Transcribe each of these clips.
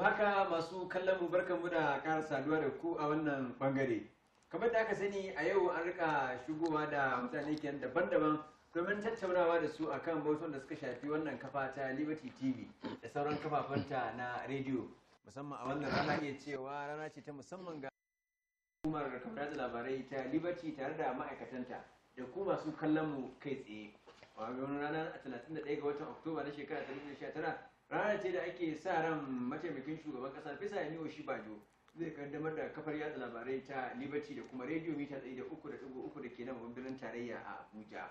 haka masu kallon mu mu da ƙara saduwa da ku a wannan bangare kamar da aka sani a yau an rika shigowa da mutane kenan daban-daban domin tattaunawa da su akan bautan da suka shafi wannan kafa ta liberty tv da sauran ta na rediyo musamman a wannan rana ne cewa rana ce ta musamman ga hukumar kamar labarai ta liberty tare da ma'aikatanta da ku masu kallon mu kai tsaye a ranar 31 ga watan oktoba na shekara 2019 ranar ce da ake sa ran mataimakin shugaban kasa fisa shi bajo zai kaddamar da kafar yada labarai ta liberty da kuma radio mita tsaye da uku da ɗigo uku da ke na babban tarayya a abuja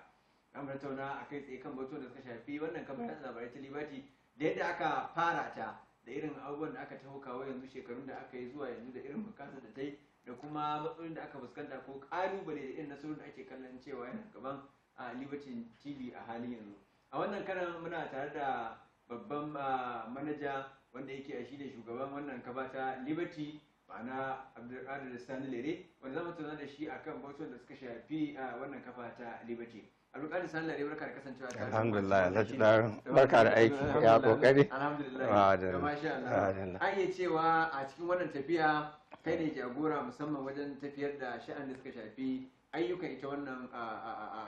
an tattauna a kai tsaye kan batun da suka shafi wannan kafar yada labarai ta liberty da yadda aka fara ta da irin abubuwan da aka taho kawo yanzu shekarun da aka yi zuwa yanzu da irin bukatar da ta yi da kuma matsalolin da aka fuskanta ko kalubale da irin nasarorin da ake kallon cewa yana gaban a liberty tv a halin yanzu a wannan karan muna tare da babban ah, manaja wanda yake a shi shugaban wannan kabata ta liberty ma'ana abdulkadir sani lere wanda zamu tuna da shi akan bautan da suka shafi a ah, wannan kafa ta liberty abdulkadir sani lere barka da kasancewa ta. alhamdulillah alhaji dan barka da aiki ya kokari alhamdulillah ah, masha Allah an iya cewa a cikin wannan tafiya kai ne jagora musamman wajen tafiyar da sha'an da suka shafi ayyukan ita wannan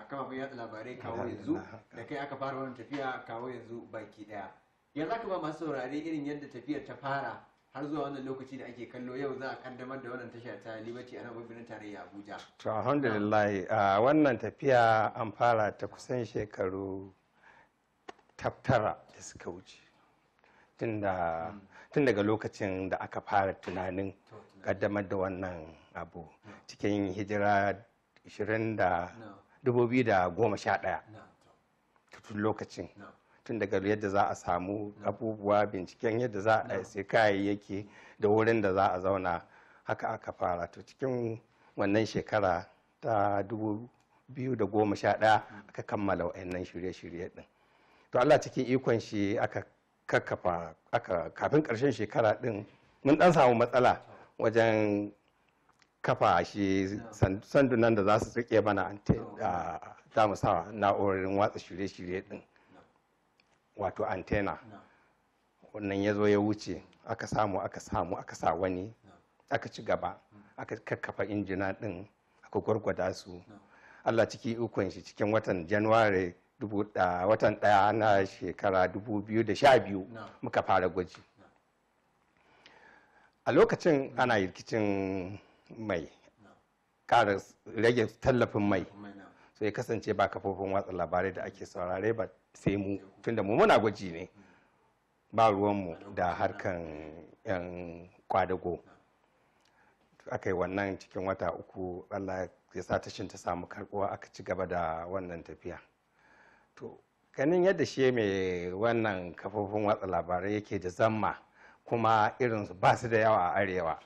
kafafen yatsa labarai kawo yanzu da kai aka fara wannan tafiya kawo yanzu baki daya yanzu aka ba masu saurari irin yadda tafiyar ta fara har zuwa wannan lokaci da ake kallo yau za a kaddamar da wannan tasha ta liberty a nan tarayya abuja to alhamdulillah wannan tafiya an fara ta kusan shekaru taftara da suka wuce hmm. tun daga lokacin da aka fara tunanin kaddamar da wannan abu hmm. cikin hijira 2011 tun lokacin tun daga yadda za a samu abubuwa binciken yadda za a sai kayayyaki da wurin da za a zauna haka aka fara to cikin wannan shekara ta 2011 mm. aka kammala wa'annan shirye-shirye din to Allah cikin ikon shi aka kakkafa aka kafin karshen shekara din mun dan samu matsala wajen kafa shi sandunan da za su rike mana za mu sa na'urorin watsa shirye-shirye din wato antena wannan ya zo ya wuce aka samu aka samu aka sa wani aka ci gaba mm. aka kakkafa injina din aka gwargwada su allah ciki ukun shi cikin watan januwari watan daya na shekara 2012 muka fara gwaji a lokacin mm. ana rikicin mai kara rage tallafin mai so ya kasance ba kafofin watsa labarai da ake saurare ba sai mu tunda mu muna gwaji ne ba ruwanmu da harkan yan kwadago aka yi wannan cikin wata uku allah ya sa tashin ta samu karbuwa aka ci gaba da wannan tafiya to ganin yadda shi mai wannan kafofin watsa labarai yake da zamma kuma irinsu ba su da yawa a arewa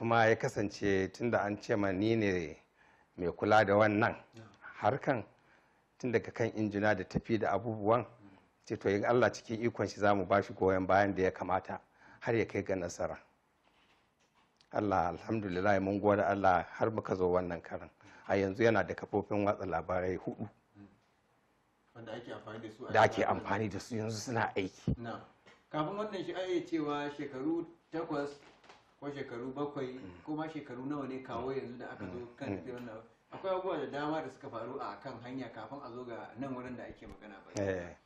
kuma ya kasance tunda an ce ma ni ne mai kula da wannan harkan tun daga kan injina da tafi da abubuwan ce yin allah cikin ikon shi za mu ba shi goyon bayan da ya kamata har ya kai ga nasara allah alhamdulillah mun gwada allah har muka zo wannan karan a yanzu yana da kafofin watsa labarai hudu da ake amfani da su yanzu suna aiki kafin wannan shi cewa shekaru takwas ko shekaru bakwai mm. ko ma shekaru nawa ne kawo mm. yanzu da aka zo mm. kan tafi wannan akwai abubuwa da dama da suka faru a kan hanya kafin a zo ga nan wurin da ake magana ba eh.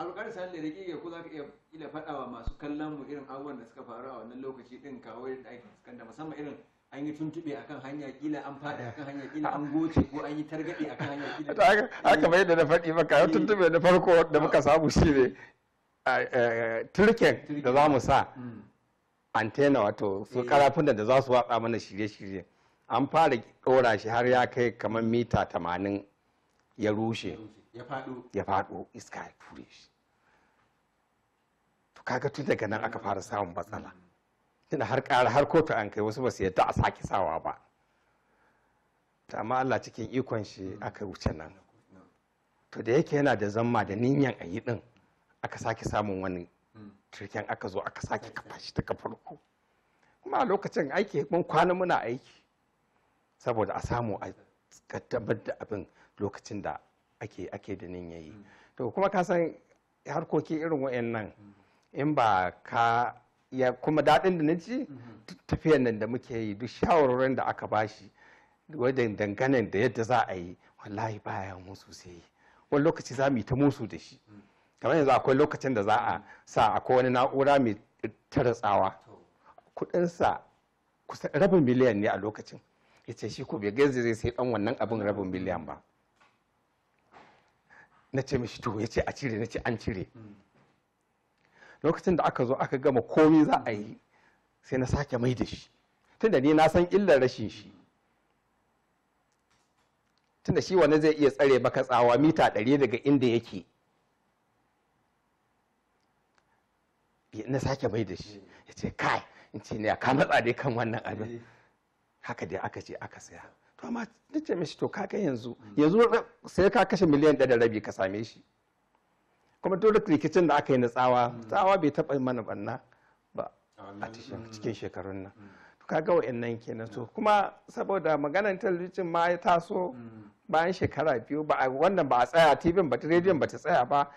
alƙar sallai da kike ko za ka iya ila faɗawa masu kallon mu irin abubuwan da suka faru a wannan lokaci din kawo da ake fuskanta musamman irin an yi tuntuɓe kan hanya kila an faɗi kan hanya kila an goce ko an yi targaɗe kan hanya kila to haka mai da na faɗi maka yau eh. tuntuɓe na farko da muka samu shi ne eh, turken da za mu sa antena wato su eh. karafuna da za su watsa mana shirye-shirye an fara ɗora shi har ya kai kamar mita tamanin ya rushe ya faɗo iska ya ture shi to kaga tun daga nan aka fara samun matsala tunda har ƙara har kotu an kai wasu ba su yadda a sake sawa ba ta amma Allah cikin ikon shi aka wuce nan to da yake yana da zama da niyan a yi din aka sake samun wani shirken aka zo aka sake kafa shi daga farko kuma a lokacin aiki mun kwana muna aiki saboda a samu a tabbatar da abin lokacin da ake ake da nin yayi mm. to kuma ka san harkoki irin wayannan mm. in ba ka ya kuma daɗin da na ji mm-hmm. tafiyan nan da muke yi duk shawarorin da aka bashi wajen danganen da yadda za a yi wallahi baya musu sai wani lokaci za mu yi ta musu da shi mm. kamar yanzu akwai lokacin da za a sa akwai wani na'ura mai tara tsawa kudinsa kusan rabin miliyan ne a lokacin ya ce shi ko bai gaza zai sai dan wannan abin rabin miliyan ba na ce mishi to ya ce a cire na ce an cire lokacin da aka zo aka gama komi za a yi sai na sake mai da shi tunda ni na san illar rashin shi tunda shi wani zai iya tsare baka tsawa mita ɗari daga inda yake na sake mai da shi ya ce kai in ce ne ka matsa dai kan wannan abin eh. haka dai aka ce aka saya to amma na ce mishi to kaga yanzu yanzu sai ka kashe miliyan ɗaya da rabi ka same shi kuma duk rikicin da aka yi na tsawa hmm. tsawa bai taɓa mana banna ba a cikin hmm. shekarun nan hmm. to kaga wa'annan kenan to kuma saboda maganar talabijin ma ya taso bayan shekara biyu ba wannan ba a tsaya tv ba ta rediyon ba ta tsaya ba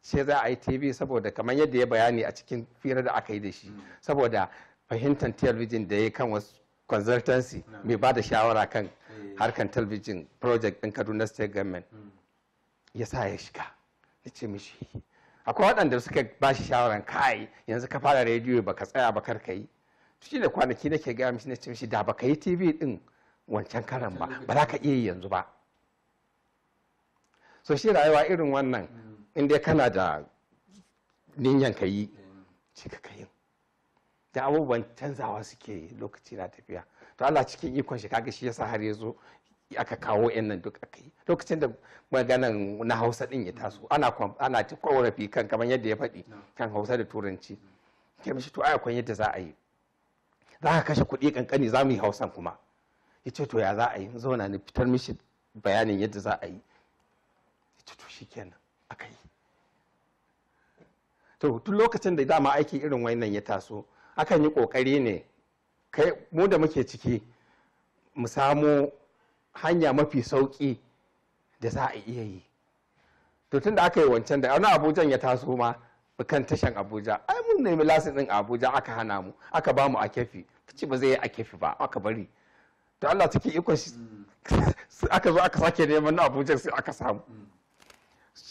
sai za a yi tv saboda kamar yadda ya bayani a cikin fira da aka yi da shi mm. saboda fahimtar talbijin da ya kan wasu consultancy mm. mai ba da shawara kan eh. harkan talbijin project ɗin kaduna state government mm. ya sa ya shiga na ce mishi akwai waɗanda suka ba shi shawaran kai yanzu ka fara rediyo baka tsaya ba karka yi shi da kwanaki nake gaya mishi na ce mishi da baka yi tv ɗin wancan karan ba ba za ka iya yi yanzu ba so shi rayuwa irin wannan dai kana da ninyan ka yi cika ka yin da abubuwan canzawa suke lokaci na tafiya to Allah cikin ikon shi kaga shi yasa har yazo aka kawo yan duk aka yi lokacin da maganan na hausa din ya taso ana ana ta korafi kan kamar yadda ya faɗi kan hausa da turanci ke mishi to ayakon yadda za a yi za ka kashe kuɗi kankani za mu yi hausan kuma ya ce to ya za a yi zauna ni fitar mishi bayanin yadda za a yi ya ce to kenan. aka yi to tun lokacin da dama aiki irin wannan ya taso akan yi kokari ne kai mu da muke ciki mu samu hanya mafi sauki da za a iya yi to tun da aka yi wancan da wani abujan ya taso ma kan tashan abuja ai mun nemi lasin din abuja aka hana mu aka bamu a kefi ci ba zai yi a kefi ba aka bari to allah cikin ikon shi mm. aka zo aka sake neman na abuja sai aka samu mm.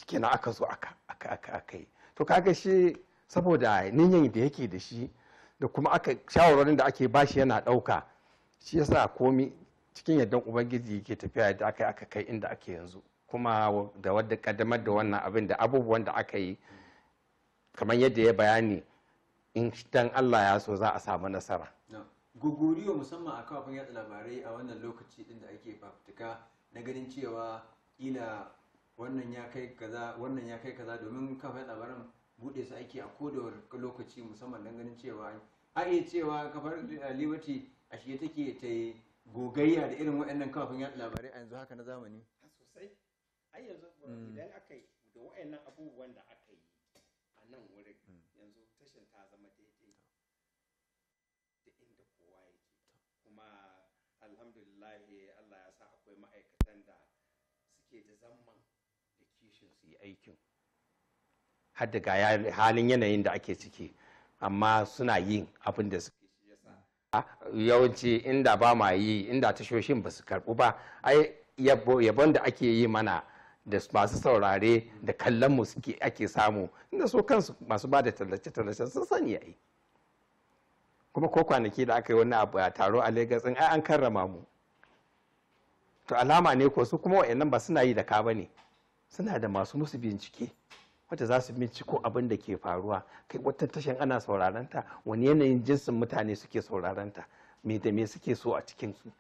kenan aka zo aka aka aka aka yi to kaga shi saboda niyan da yake da shi da kuma aka shawarwarin da ake bashi yana ɗauka shi yasa komi cikin yardan ubangiji yake tafiya da aka aka kai inda ake yanzu kuma da wadda kaddamar da wannan abin da abubuwan da aka yi kamar yadda ya bayani in dan Allah ya so za a samu nasara gogoriyo musamman a kafin yatsa labarai a wannan lokaci din da ake fafutuka na ganin cewa ila wannan ya kai kaza wannan ya kai kaza domin kafafen labaran bude su ake a kodawar lokaci musamman dan ganin cewa a iya cewa kafar eh, liberty a shi take ta yi gogayya da irin waɗannan kafafen yaɗa labarai a yanzu haka na zamani abubuwan da aka yi a nan wurin mm. yanzu tashin kuma alhamdulillah Allah ya sa akwai ma'aikatan da suke da zaman aikin har daga halin yanayin da ake ciki amma suna yin abin da suke yawanci inda ba ma yi inda tashoshin ba su karɓu ba yabon da ake yi mana da masu saurare da kallon mu ake samu inda so kansu masu ba da tallace-tallace sun sani yayi kuma ko kwanaki da aka yi wani abu a taro a Legas ai an karrama mu to alama ne ko su kuma nan ba suna yi da ka bane ne suna da masu musu bincike wata za su binciko abin da ke faruwa kai wata tashan ana sauraron ta wani yanayin jinsin mutane suke sauraranta ta me da me suke so a cikin su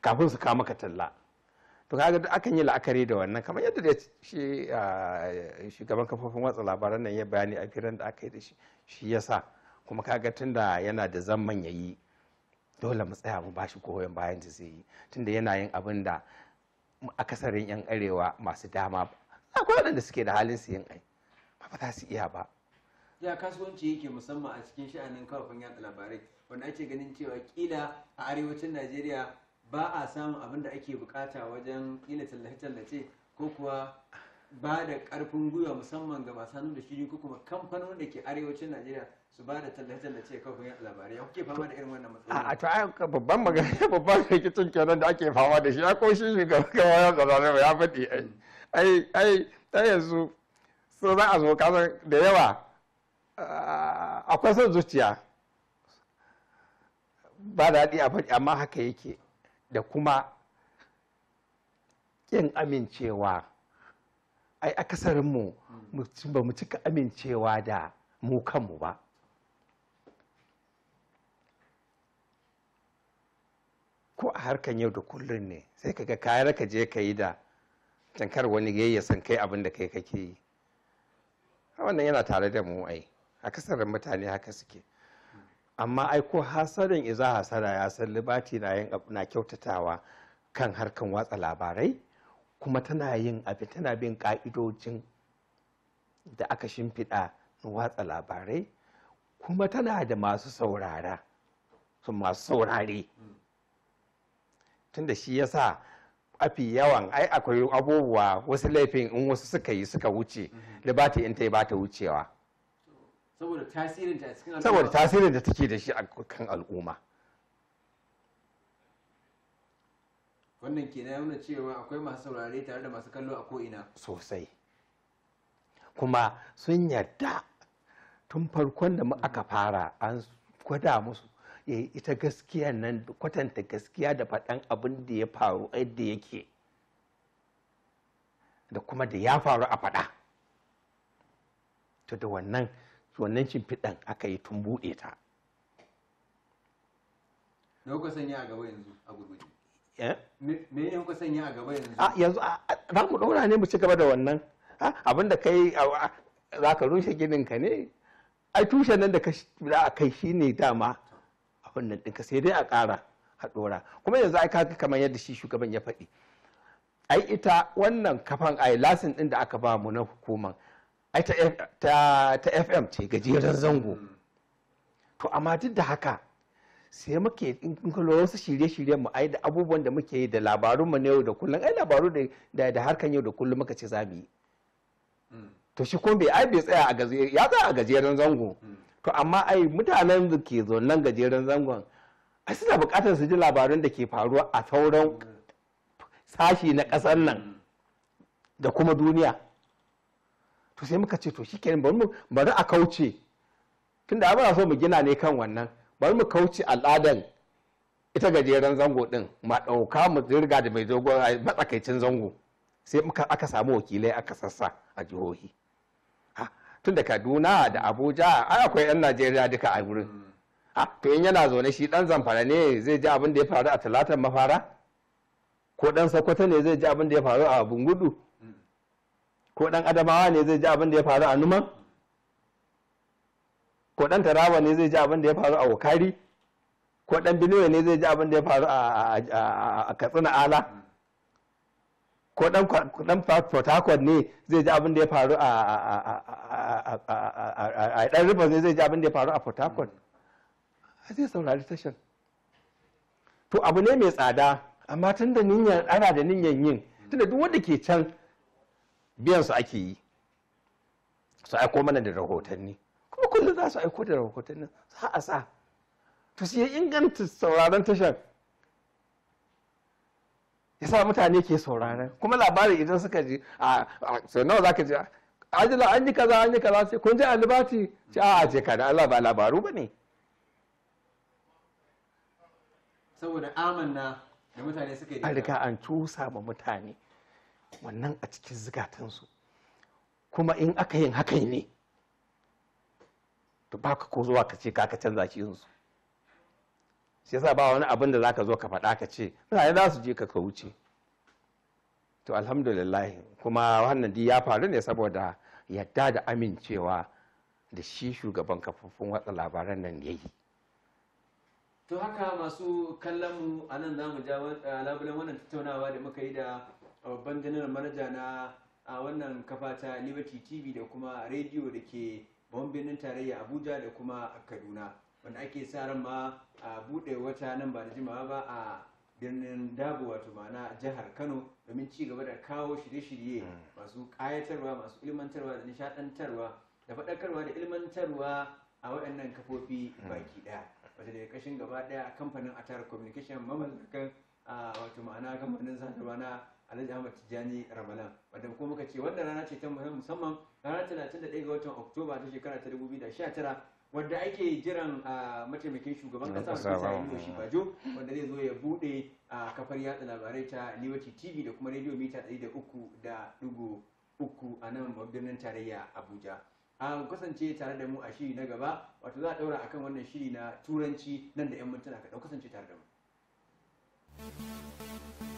kafin su kama talla to kaga duk akan yi la'akari da wannan kamar yadda da shi ah, shugaban kafofin watsa labaran nan ya bayani a firan da aka yi da shi shi yasa kuma kaga tunda yana da zaman yayi dole mu tsaya mu bashi goyon bayan da zai yi tunda yana yin abin da akasarin yan arewa masu dama akwai waɗanda suke da halin su yin ai ba ba za su iya ba ya kasuwanci yake musamman a cikin sha'anin kafin yada labarai wanda ake ganin cewa kila a arewacin najeriya ba a samun abin da ake bukata wajen kila tallace-tallace ko kuwa ba da karfin gwiwa musamman ga masu hannu da shiri ko kuma kamfanonin da ke arewacin najeriya su ba da tallace-tallace kafin labarai ya kuke fama da irin wannan matsalolin a to ai babban magana babban rikicin kenan da ake fama da shi ya ko shi shugaban kawayan tsararra ya faɗi ai mm. ai ai ta yanzu so za a zo kasar da yawa ah, akwai son zuciya ba daɗi a faɗi amma haka yake da kuma ƙin amincewa ai akasarinmu ba mu cika amincewa da mu kanmu ba ko a harkan yau da kullum ne sai ka ga kayar ka je ka yi da tankar wani yayya san kai abin da kai kake yi wannan yana tare da mu ai akasarin mutane haka suke amma ai ko hasarin iza hasara ya san libati na na kyautatawa kan harkan watsa labarai kuma tana yin abu tana bin ka'idojin da aka shimfiɗa na watsa labarai kuma tana da masu saurara su masu saurare tunda shi yasa afi yawan ai akwai abubuwa wasu laifin in wasu suka yi suka wuce da ba ta ta yi ba ta wucewa saboda tasirin da take da shi a kan al'umma wannan ke nuna cewa akwai masu saurare tare da masu kallo a ko'ina sosai kuma sun yarda tun farkon da aka fara an gwada musu eh, ita gaskiya nan kwatanta gaskiya da faɗan abin da ya faru yadda yake da kuma da ya faru a faɗa to da wannan wannan shimfiɗan aka yi tun buɗe ta. Lokacin ya gaba yanzu a gurguje. Eh? me ne a yanzu ah, yanzu ah, ah, za mu ɗora ne mu ci gaba da wannan abin da kai za ka rushe ginin ka ne ai tushe nan da ka za a kai shi ne dama abin nan ɗinka sai dai a ƙara a ɗora kuma yanzu ai kaga kamar yadda shi shugaban ya faɗi ai ita wannan kafan ai lasin ɗin da aka ba mu na hukuman ai ta fm ce gajeren zango hmm. to amma duk da haka sai muke in kula wasu shirye-shiryen mu ai da abubuwan da muke yi da labarun mu na yau da kullum ai labaru da da harkan yau da kullum muka ce zamu yi hmm. to shi kuma bai ai bai tsaya a gajeren ya tsaya a gajeren zango hmm. to amma ai mutanen da ke zonnan gajeren zangon ai suna buƙatar su ji labarun da ke faruwa a sauran hmm. sashi na ƙasar nan da kuma duniya to sai muka ce to shikenan bari bari a kauce tunda ba so mu gina ne kan wannan Bar mu kauce al'adan ita gajeren zango din ma ɗauka mu zirga da mai dogon matsakaicin zango sai aka samu wakilai aka sassa a jihohi tun da kaduna da abuja ai akwai 'yan najeriya duka a hmm. to in yana zaune shi dan zamfara ne zai ji abin da ya faru a Talatan mafara ko dan sokoto ne zai ji abin da ya faru a bungudu hmm. ko dan adamawa ne zai ji abin da ya faru a numan ko dan taraba ne zai ji abin da ya faru a wakari ko dan binuwe ne zai ji abin da ya faru a katsina ala ko dan port harcourt ne zai ji abin da ya faru a dan rivers ne zai ji abin da ya faru a port harcourt zai saurari tashar to abu ne mai tsada amma tun da ninyar ana da ninyar yin tun da duk wanda ke can biyan su ake yi su aiko mana da rahotanni kullum za su aiko da nan sa a sa to su ya inganta sauraron tashar ya sa mutane ke sauraron kuma labarin idan suka ji a sau nawa za ka ji ajila an yi kaza an yi kaza sai kun ji alibati ci a je ka da Allah ba labaru ba ne saboda amanna da mutane suka yi a riga an cusa ma mutane wannan a cikin zukatansu kuma in aka yin hakan ne to ba ka ko zuwa ka ce ka canza shi yanzu shi yasa ba wani abin da za ka zo ka faɗa ka ce mutane za su je ka ka wuce to alhamdulillah kuma wannan di ya faru ne saboda yadda da amincewa da shi shugaban kafofin watsa labaran nan ya yi to haka masu kallon mu a nan za mu ja labulen wannan tattaunawa da muka yi da babban janar manaja na a wannan kafata ta liberty tv da kuma rediyo da ke wani birnin tarayya abuja da kuma kaduna wanda ake sa ran ma a buɗe wata nan ba da jimawa ba a birnin dabo wato ma'ana jihar kano domin ci gaba da kawo shirye-shirye hmm. masu ƙayatarwa masu ilmantarwa da nishaɗantarwa da faɗakarwa da ilmantarwa a waɗannan kafofi hmm. baki ɗaya wata da ƙashin gaba ɗaya kamfanin atar communication mamallakan wato ma'ana kamfanin sadarwa na alhaji ahmad tijjani ramadan wadda kuma muka ce wannan rana ce ta musamman ranar 31 ga watan oktoba ta shekara ta 2019 wadda ake jiran mataimakin shugaban kasa Musa shi Bajo wanda zai zo ya bude kafar yatsa labarai ta Liberty TV da kuma radio mita 103.3 a nan birnin tarayya Abuja. an kasance tare da mu a shiri na gaba wato za a daura akan wannan shiri na turanci nan da 'yan mintuna ka kasance tare da mu.